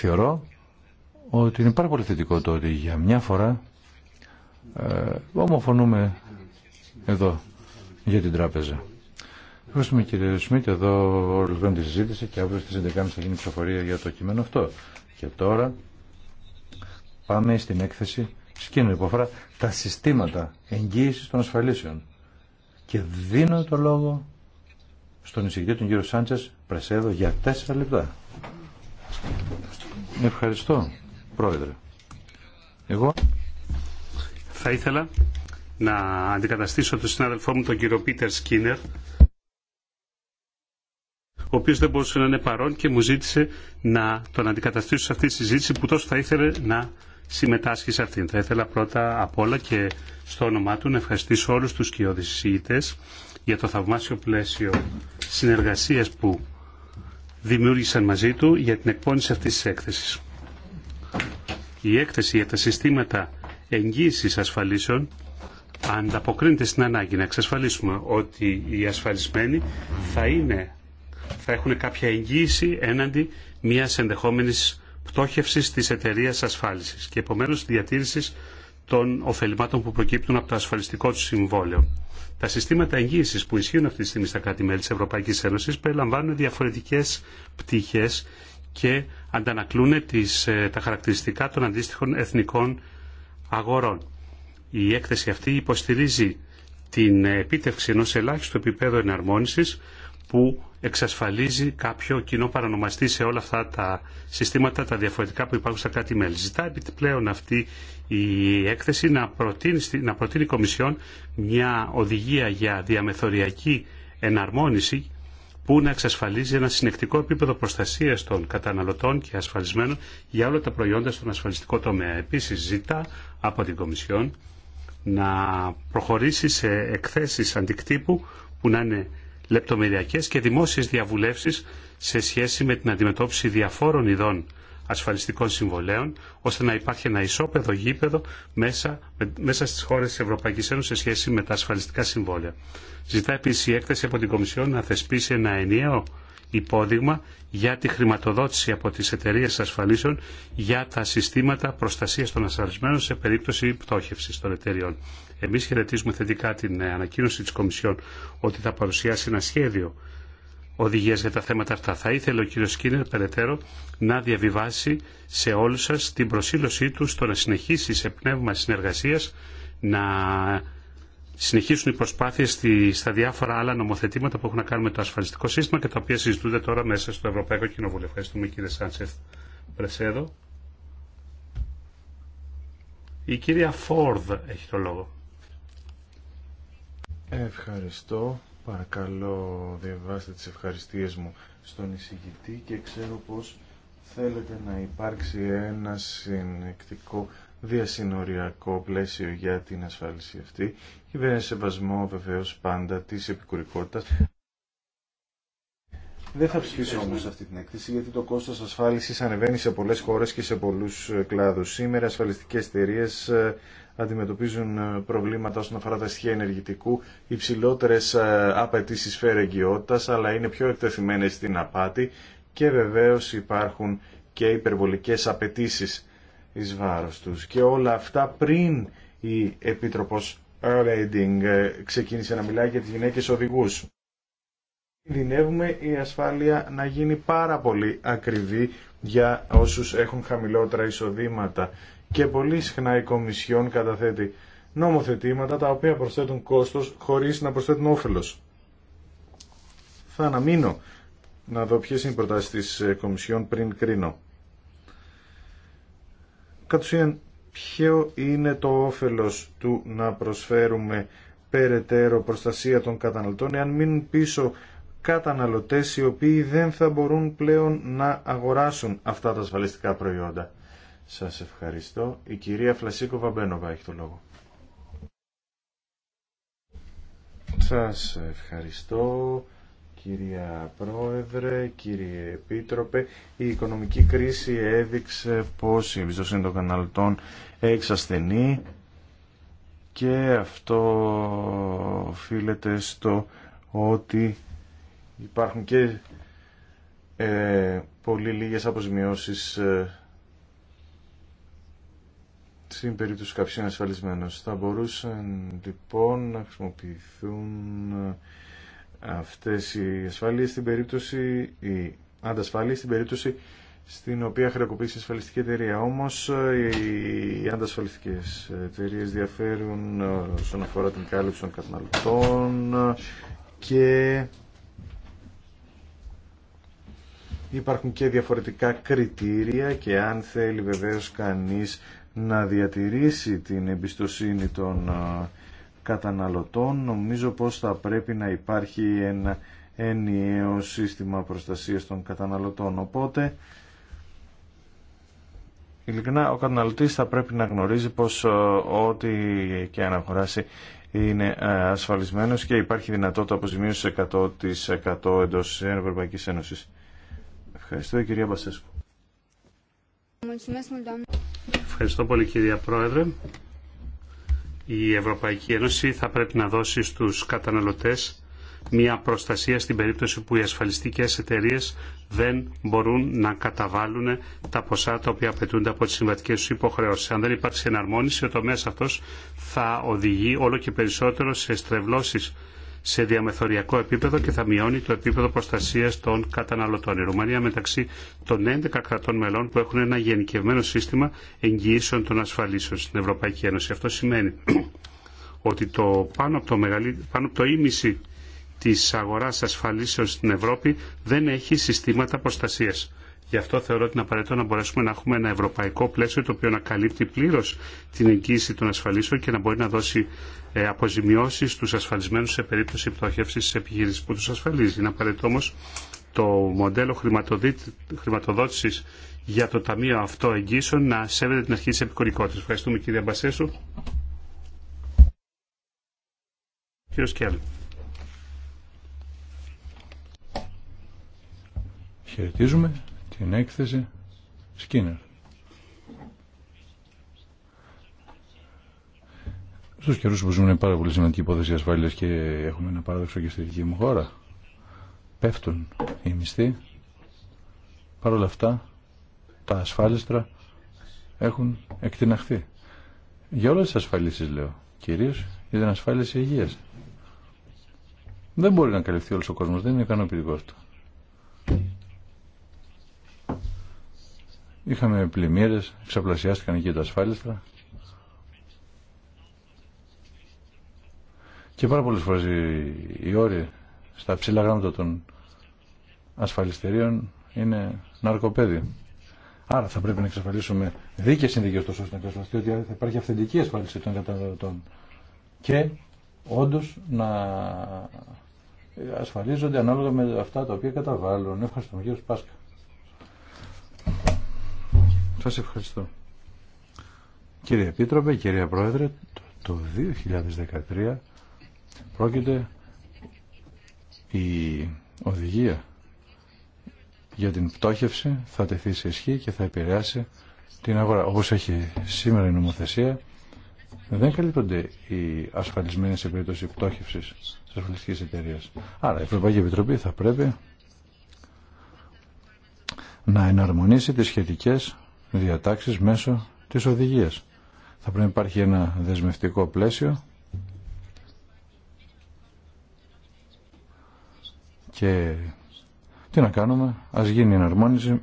Θεωρώ ότι είναι πάρα πολύ θετικό το ότι για μια φορά ε, ομοφωνούμε εδώ για την τράπεζα. Ευχαριστούμε κύριε Σμίτ, εδώ ολοκληρώνει τη συζήτηση και αύριο στις 11.30 θα γίνει ψηφοφορία για το κείμενο αυτό. Και τώρα πάμε στην έκθεση σκήνου που αφορά τα συστήματα εγγύησης των ασφαλίσεων. Και δίνω το λόγο στον εισηγητή τον κύριο Σάντσες Πρεσέδο για τέσσερα λεπτά. Ευχαριστώ, Πρόεδρε. Εγώ θα ήθελα να αντικαταστήσω τον συνάδελφό μου, τον κύριο Πίτερ Σκίνερ, ο οποίος δεν μπορούσε να είναι παρόν και μου ζήτησε να τον αντικαταστήσω σε αυτή τη συζήτηση που τόσο θα ήθελε να συμμετάσχει σε αυτήν. Θα ήθελα πρώτα απ' όλα και στο όνομά του να ευχαριστήσω όλους τους κοιόδης για το θαυμάσιο πλαίσιο συνεργασίας που δημιούργησαν μαζί του για την εκπόνηση αυτής της έκθεσης. Η έκθεση για τα συστήματα εγγύησης ασφαλίσεων ανταποκρίνεται στην ανάγκη να εξασφαλίσουμε ότι οι ασφαλισμένοι θα, είναι, θα έχουν κάποια εγγύηση έναντι μιας ενδεχόμενης πτώχευσης της εταιρείας ασφάλισης και επομένως διατήρησης των ωφελημάτων που προκύπτουν από το ασφαλιστικό του συμβόλαιο. Τα συστήματα εγγύηση που ισχύουν αυτή τη στιγμή στα κράτη-μέλη τη Ευρωπαϊκή Ένωση περιλαμβάνουν διαφορετικέ πτυχέ και αντανακλούν τις, ε, τα χαρακτηριστικά των αντίστοιχων εθνικών αγορών. Η έκθεση αυτή υποστηρίζει την επίτευξη ενό ελάχιστου επίπεδου εναρμόνισης που εξασφαλίζει κάποιο κοινό παρανομαστή σε όλα αυτά τα συστήματα, τα διαφορετικά που υπάρχουν στα κάτι μέλη. Ζητά επιπλέον αυτή η έκθεση να προτείνει, να προτείνει η Κομισιόν μια οδηγία για διαμεθοριακή εναρμόνιση που να εξασφαλίζει ένα συνεκτικό επίπεδο προστασία των καταναλωτών και ασφαλισμένων για όλα τα προϊόντα στον ασφαλιστικό τομέα. Επίση, ζητά από την Κομισιόν να προχωρήσει σε εκθέσει αντικτύπου που να είναι λεπτομεριακές και δημόσιες διαβουλεύσεις σε σχέση με την αντιμετώπιση διαφόρων ειδών ασφαλιστικών συμβολέων, ώστε να υπάρχει ένα ισόπεδο γήπεδο μέσα, μέσα στις χώρες της Ευρωπαϊκής Ένωσης σε σχέση με τα ασφαλιστικά συμβόλαια. Ζητά επίση η έκθεση από την Κομισιόν να θεσπίσει ένα ενιαίο υπόδειγμα για τη χρηματοδότηση από τις εταιρείες ασφαλίσεων για τα συστήματα προστασίας των ασφαλισμένων σε περίπτωση πτώχευσης των εταιρεών. Εμείς χαιρετίζουμε θετικά την ανακοίνωση της Κομισιόν ότι θα παρουσιάσει ένα σχέδιο οδηγίε για τα θέματα αυτά. Θα ήθελε ο κύριο Σκίνερ περαιτέρω να διαβιβάσει σε όλους σα την προσήλωσή του στο να συνεχίσει σε πνεύμα συνεργασία να συνεχίσουν οι προσπάθειες στα διάφορα άλλα νομοθετήματα που έχουν να κάνουν με το ασφαλιστικό σύστημα και τα οποία συζητούνται τώρα μέσα στο Ευρωπαϊκό Κοινοβούλιο. Ευχαριστούμε κύριε Σάντσεφ Πρεσέδο. Η κυρία Φόρδ έχει το λόγο. Ευχαριστώ Παρακαλώ διαβάστε τις ευχαριστίες μου στον εισηγητή και ξέρω πως θέλετε να υπάρξει ένα συνεκτικό διασυνοριακό πλαίσιο για την ασφάλιση αυτή και σεβασμό βεβαίως πάντα της επικουρικότητας. Δεν θα ψηφίσω όμω αυτή την έκθεση γιατί το κόστο ασφάλιση ανεβαίνει σε πολλέ χώρε και σε πολλού ε, κλάδου. Σήμερα ασφαλιστικέ εταιρείε ε, αντιμετωπίζουν ε, προβλήματα όσον αφορά τα στοιχεία ενεργητικού, υψηλότερε απαιτήσει φερεγγιότητα, αλλά είναι πιο εκτεθειμένε στην απάτη και βεβαίω υπάρχουν και υπερβολικέ απαιτήσει ει βάρο του. Και όλα αυτά πριν η Επίτροπο Ρέντινγκ ξεκίνησε να μιλάει για τι γυναίκε οδηγού κινδυνεύουμε η ασφάλεια να γίνει πάρα πολύ ακριβή για όσους έχουν χαμηλότερα εισοδήματα και πολύ συχνά η Κομισιόν καταθέτει νομοθετήματα τα οποία προσθέτουν κόστος χωρίς να προσθέτουν όφελος. Θα αναμείνω να δω ποιες είναι οι προτάσεις της ε, Κομισιόν πριν κρίνω. Κατ' ουσίαν, ποιο είναι το όφελος του να προσφέρουμε περαιτέρω προστασία των καταναλωτών εάν μείνουν πίσω καταναλωτές οι οποίοι δεν θα μπορούν πλέον να αγοράσουν αυτά τα ασφαλιστικά προϊόντα. Σας ευχαριστώ. Η κυρία Φλασίκο Βαμπένοβα έχει το λόγο. Σας ευχαριστώ κυρία Πρόεδρε, κύριε Επίτροπε. Η οικονομική κρίση έδειξε πως η εμπιστοσύνη των καναλτών εξασθενεί και αυτό οφείλεται στο ότι υπάρχουν και ε, πολύ λίγες αποζημιώσεις ε, στην περίπτωση κάποιου ασφαλισμένος. Θα μπορούσαν λοιπόν να χρησιμοποιηθούν ε, αυτές οι ασφαλίες στην περίπτωση, οι αντασφαλίες στην περίπτωση στην οποία χρεοκοπήσει η ασφαλιστική εταιρεία. Όμως ε, οι αντασφαλιστικές εταιρείε διαφέρουν ε, όσον αφορά την κάλυψη των καταναλωτών και Υπάρχουν και διαφορετικά κριτήρια και αν θέλει βεβαίως κανείς να διατηρήσει την εμπιστοσύνη των ε, καταναλωτών, νομίζω πως θα πρέπει να υπάρχει ένα ενιαίο σύστημα προστασίας των καταναλωτών. Οπότε, ειλικρινά, ο καταναλωτής θα πρέπει να γνωρίζει πως ε, ό,τι και αν είναι ε, ασφαλισμένος και υπάρχει δυνατότητα αποζημίωσης 100% εντός Ευρωπαϊκής Ένωσης. Ευχαριστώ κυρία Μπασέσκου. Ευχαριστώ πολύ κυρία Πρόεδρε. Η Ευρωπαϊκή Ένωση θα πρέπει να δώσει στους καταναλωτές μια προστασία στην περίπτωση που οι ασφαλιστικές εταιρείες δεν μπορούν να καταβάλουν τα ποσά τα οποία απαιτούνται από τις συμβατικές του υποχρεώσεις. Αν δεν υπάρξει εναρμόνιση, ο τομέας αυτός θα οδηγεί όλο και περισσότερο σε στρεβλώσεις σε διαμεθοριακό επίπεδο και θα μειώνει το επίπεδο προστασία των καταναλωτών. Η Ρουμανία μεταξύ των 11 κρατών μελών που έχουν ένα γενικευμένο σύστημα εγγυήσεων των ασφαλίσεων στην Ευρωπαϊκή Ένωση. Αυτό σημαίνει ότι το πάνω από το, μεγαλύ... πάνω ίμιση της αγοράς ασφαλίσεων στην Ευρώπη δεν έχει συστήματα προστασίας. Γι' αυτό θεωρώ ότι είναι απαραίτητο να μπορέσουμε να έχουμε ένα ευρωπαϊκό πλαίσιο το οποίο να καλύπτει πλήρω την εγγύηση των ασφαλίσεων και να μπορεί να δώσει ε, αποζημιώσει στου ασφαλισμένου σε περίπτωση πτωχεύση τη επιχείρηση που του ασφαλίζει. Είναι απαραίτητο όμω το μοντέλο χρηματοδότηση για το Ταμείο Αυτό Εγγύσεων να σέβεται την αρχή τη επικουρικότητα. Ευχαριστούμε κύριε Μπασέσου. Κύριο Σκέλ. Χαιρετίζουμε στην έκθεση Σκίνερ. Στους καιρούς που είναι πάρα πολύ σημαντική υπόθεση ασφάλειας και έχουμε ένα παράδοξο και στη δική μου χώρα. Πέφτουν οι μισθοί. Παρ' όλα αυτά τα ασφάλιστρα έχουν εκτιναχθεί. Για όλες τις ασφαλίσεις λέω. Κυρίως για την ασφάλιση υγείας. Δεν μπορεί να καλυφθεί όλος ο κόσμος. Δεν είναι ικανοποιητικό Είχαμε πλημμύρε, εξαπλασιάστηκαν εκεί τα ασφάλιστρα. Και πάρα πολλέ φορέ οι όροι στα ψηλά γράμματα των ασφαλιστερίων είναι ναρκοπέδι. Άρα θα πρέπει να εξασφαλίσουμε δίκαιε συνδικέ τόσο ώστε να ότι θα υπάρχει αυθεντική ασφάλιση των καταναλωτών. Και όντω να ασφαλίζονται ανάλογα με αυτά τα οποία καταβάλουν. Ευχαριστούμε κύριο Πάσκα. Σας ευχαριστώ. Κύριε Επίτροπε, κύριε Πρόεδρε, το 2013 πρόκειται η οδηγία για την πτώχευση θα τεθεί σε ισχύ και θα επηρεάσει την αγορά. Όπως έχει σήμερα η νομοθεσία, δεν καλύπτονται οι ασφαλισμένοι σε περίπτωση πτώχευσης της ασφαλιστικής εταιρείας. Άρα η Ευρωπαϊκή Επιτροπή θα πρέπει να εναρμονίσει τις σχετικές διατάξεις μέσω της οδηγίας. Θα πρέπει να υπάρχει ένα δεσμευτικό πλαίσιο και τι να κάνουμε, ας γίνει η εναρμόνιση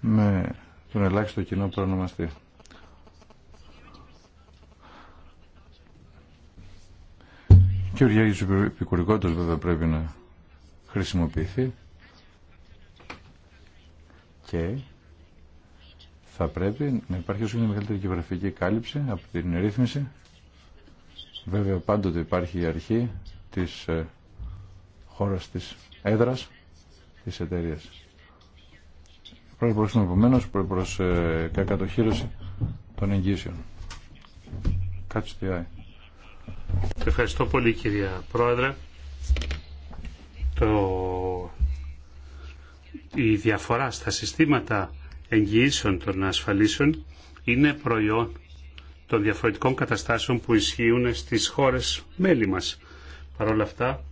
με τον ελάχιστο κοινό προνομαστή. Και ο Γιάννης Επικουρικότητας βέβαια πρέπει να χρησιμοποιηθεί και θα πρέπει να υπάρχει όσο είναι μεγαλύτερη γεωγραφική κάλυψη από την ρύθμιση. Βέβαια πάντοτε υπάρχει η αρχή της ε, χώρας της έδρας της εταιρεία. Πρέπει να επομένως προς ε, κατοχήρωση των εγγύσεων. Κάτσε τη Ευχαριστώ πολύ κυρία Πρόεδρε. Το... Η διαφορά στα συστήματα εγγυήσεων των ασφαλίσεων είναι προϊόν των διαφορετικών καταστάσεων που ισχύουν στις χώρες μέλη μας. Παρ' όλα αυτά,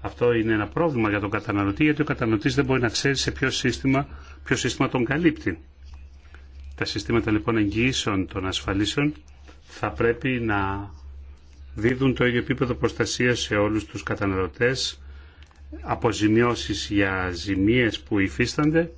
αυτό είναι ένα πρόβλημα για τον καταναλωτή, γιατί ο καταναλωτής δεν μπορεί να ξέρει σε ποιο σύστημα, ποιο σύστημα τον καλύπτει. Τα συστήματα λοιπόν εγγυήσεων των ασφαλίσεων θα πρέπει να δίδουν το ίδιο επίπεδο προστασία σε όλους τους καταναλωτές, αποζημιώσεις για ζημίες που υφίστανται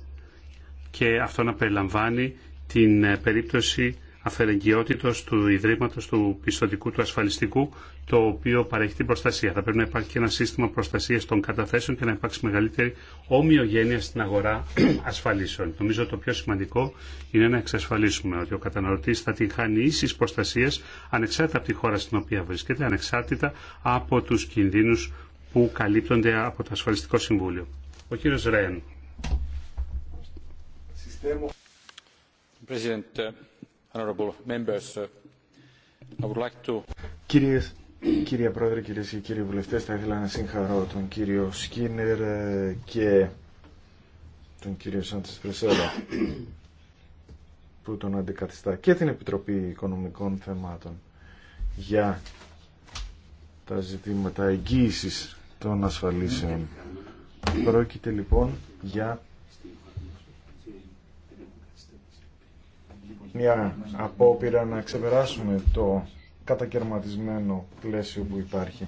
και αυτό να περιλαμβάνει την ε, περίπτωση αφαιρεγγιότητος του Ιδρύματος του Πιστοτικού του Ασφαλιστικού, το οποίο παρέχει την προστασία. Θα πρέπει να υπάρχει και ένα σύστημα προστασίας των καταθέσεων και να υπάρξει μεγαλύτερη ομοιογένεια στην αγορά ασφαλίσεων. Νομίζω το πιο σημαντικό είναι να εξασφαλίσουμε ότι ο καταναλωτής θα την χάνει ίσης προστασίας ανεξάρτητα από τη χώρα στην οποία βρίσκεται, ανεξάρτητα από τους κινδύνους που καλύπτονται από το Ασφαλιστικό Συμβούλιο. Ο κύριος Ρέν κύριε Πρόεδρε, κυρίε και κύριοι βουλευτέ, θα ήθελα να συγχαρώ τον κύριο Σκίνερ ε, και τον κύριο Σάντσε Πρεσέλα που τον αντικαθιστά και την Επιτροπή Οικονομικών Θεμάτων για τα ζητήματα εγγύησης των ασφαλίσεων. Πρόκειται λοιπόν για μια απόπειρα να ξεπεράσουμε το κατακαιρματισμένο πλαίσιο που υπάρχει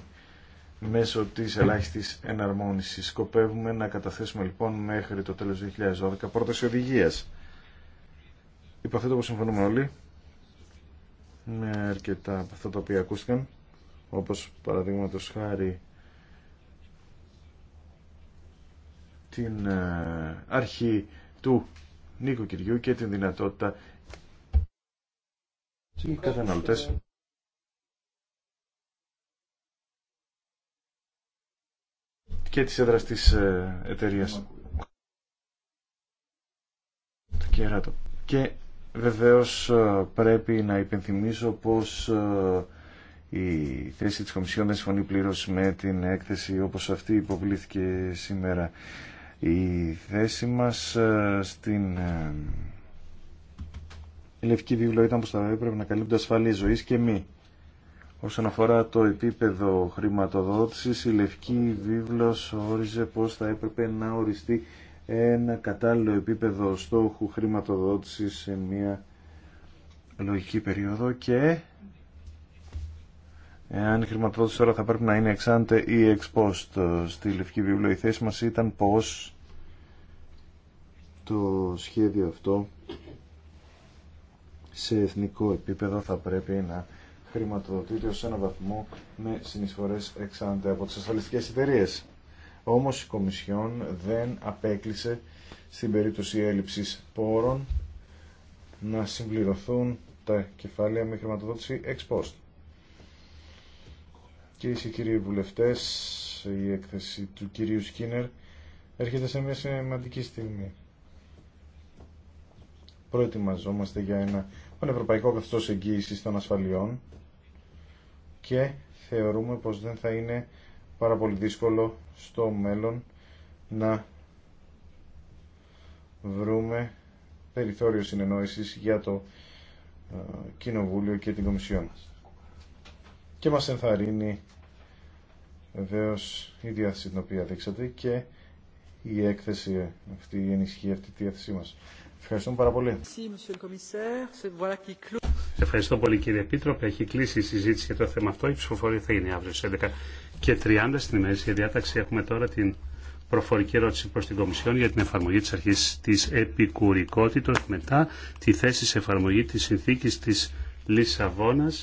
μέσω της ελάχιστης εναρμόνισης. Σκοπεύουμε να καταθέσουμε λοιπόν μέχρι το τέλος του 2012 πρόταση οδηγίας. Υποθέτω πως συμφωνούμε όλοι με αρκετά από αυτά τα οποία ακούστηκαν όπως παραδείγματο χάρη την ε, αρχή του Κυριού και την δυνατότητα και τη έδρα τη ε, εταιρεία. Και βεβαίως ε, πρέπει να υπενθυμίσω πως ε, η θέση της Κομισιόν δεν συμφωνεί πλήρως με την έκθεση όπως αυτή υποβλήθηκε σήμερα. Η θέση μας στην η λευκή βίβλο ήταν πώ θα έπρεπε να καλύπτει ασφαλή ζωή και μη. Όσον αφορά το επίπεδο χρηματοδότησης, η Λευκή Βίβλος όριζε πως θα έπρεπε να οριστεί ένα κατάλληλο επίπεδο στόχου χρηματοδότησης σε μια λογική περίοδο και εάν η χρηματοδότηση τώρα θα πρέπει να είναι εξάντε ή εξπόστ στη Λευκή Βίβλο η θέση μας ήταν πως το σχέδιο αυτό σε εθνικό επίπεδο θα πρέπει να χρηματοδοτείται ως ένα βαθμό με συνεισφορές εξάντε από τις ασφαλιστικές εταιρείε. Όμως η Κομισιόν δεν απέκλεισε στην περίπτωση έλλειψης πόρων να συμπληρωθούν τα κεφάλαια με χρηματοδότηση ex post. Κυρίε και κύριοι βουλευτέ, η έκθεση του κυρίου Σκίνερ έρχεται σε μια σημαντική στιγμή. Προετοιμαζόμαστε για ένα Ευρωπαϊκό Καθεστώ Εγγύηση των ασφαλιών και θεωρούμε πως δεν θα είναι πάρα πολύ δύσκολο στο μέλλον να βρούμε περιθώριο συνεννόησης για το ε, Κοινοβούλιο και την Κομισιόν. Και μας ενθαρρύνει βεβαίω η διάθεση την οποία δείξατε και η έκθεση αυτή, η ενισχύ αυτή τη διάθεσή μας. Ευχαριστούμε πάρα πολύ. Ευχαριστώ πολύ κύριε Επίτροπε. Έχει κλείσει η συζήτηση για το θέμα αυτό. Η ψηφοφορία θα γίνει αύριο στις 11 και 30 στην ημερήσια διάταξη. Έχουμε τώρα την προφορική ερώτηση προς την Κομισιόν για την εφαρμογή της αρχής της επικουρικότητας μετά τη θέση σε εφαρμογή της συνθήκης της Λισαβόνας.